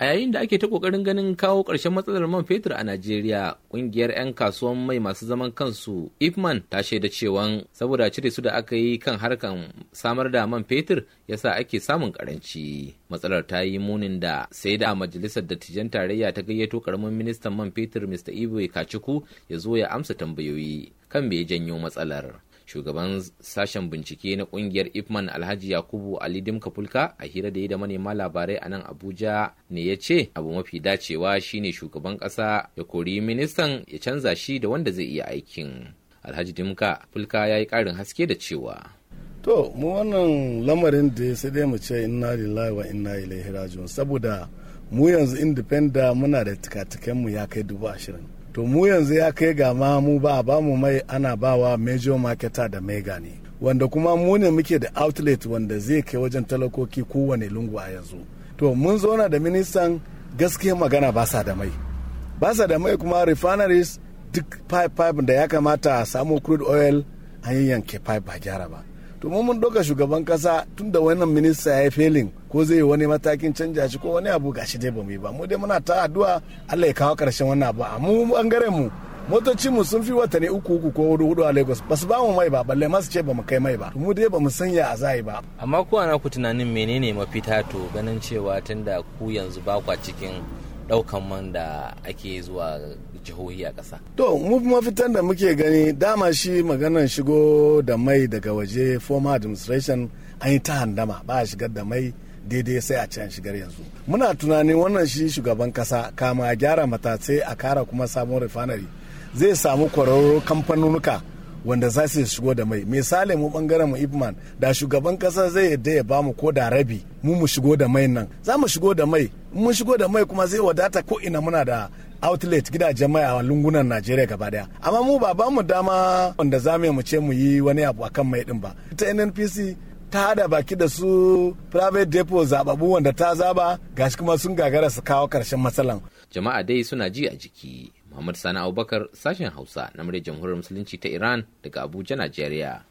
A yayin da ake ta kokarin ganin kawo ƙarshen matsalar man fetur a Najeriya, ƙungiyar 'yan kasuwan mai masu zaman kansu Ifman, ta shaida cewa saboda cire su da aka yi kan harkan samar da man fetur yasa ake samun karanci. Matsalar ta yi munin da sai da majalisar dattijan tarayya ta gayyato karamin ministan man fetur Mr. Ibe Kachuku ya zo ya amsa tambayoyi kan me janyo matsalar. shugaban sashen bincike na kungiyar ipman alhaji yakubu ali dimka fulka a hira da yi da manema labarai a nan abuja ne ya ce abu mafi dacewa shine shugaban kasa ya kori ministan ya canza shi da wanda zai iya aikin alhaji dimka fulka ya yi karin haske da cewa to mu wannan lamarin da ya sai dai mu ce inna lillahi wa inna ilaihi rajiun saboda mu yanzu independent muna da mu ya kai dubu ashirin to mu yanzu ya kai ga ma mu ba ba bamu mai ana bawa major marketer da mega ne wanda kuma mu ne muke da outlet wanda zai kai wajen talakoki kowane lungu a yanzu to mun zauna da ministan gaskiya magana ba sa da mai ba sa da mai kuma refineries duk pipe pipe da ya kamata a samu crude oil an yanke pipe ba gyara ba to mu mun doka shugaban kasa tun da wannan minista ya yi felin ko zai yi wani matakin canja shi ko wani abu gashi dai ba mu yi ba mu dai muna ta addu'a Allah ya kawo karshen wannan abu a mu bangaren mu motocin mu sun fi watanni uku uku ko hudu hudu a Lagos ba su ba mu mai ba balle ma su ce ba mu kai mai ba mu dai ba mu sanya a yi ba amma ko ana ku tunanin menene mafita to ganin cewa tunda ku yanzu ba kwa cikin ɗaukan man da ake zuwa jihohi a ƙasa. To, mu mafitan da muke gani dama shi maganar shigo da mai daga waje former administration an yi ta handama ba a shigar da mai daidai sai a can shigar yanzu. Muna tunanin wannan shi shugaban ƙasa kama gyara matatse a kara kuma sabon refinery zai samu kwararro kamfanonuka wanda za su shigo da mai misali mu bangaren mu ibman da shugaban kasa zai yadda ya bamu ko da rabi mu mu shigo da mai nan za mu shigo da mai mu shigo da mai kuma zai wadata ko ina muna da outlet gidajen mai a lungunan Najeriya gaba daya amma mu ba ba mu dama wanda za mu ce mu yi wani abu akan mai din ba ta NNPC ta hada baki da su private depot zababu wanda ta zaba gashi kuma sun gagara su kawo karshen matsalan jama'a dai suna ji a jiki Muhammad Sani Abubakar sashen Hausa na muryar Jamhuriyar Musulunci ta Iran daga Abuja, Najeriya.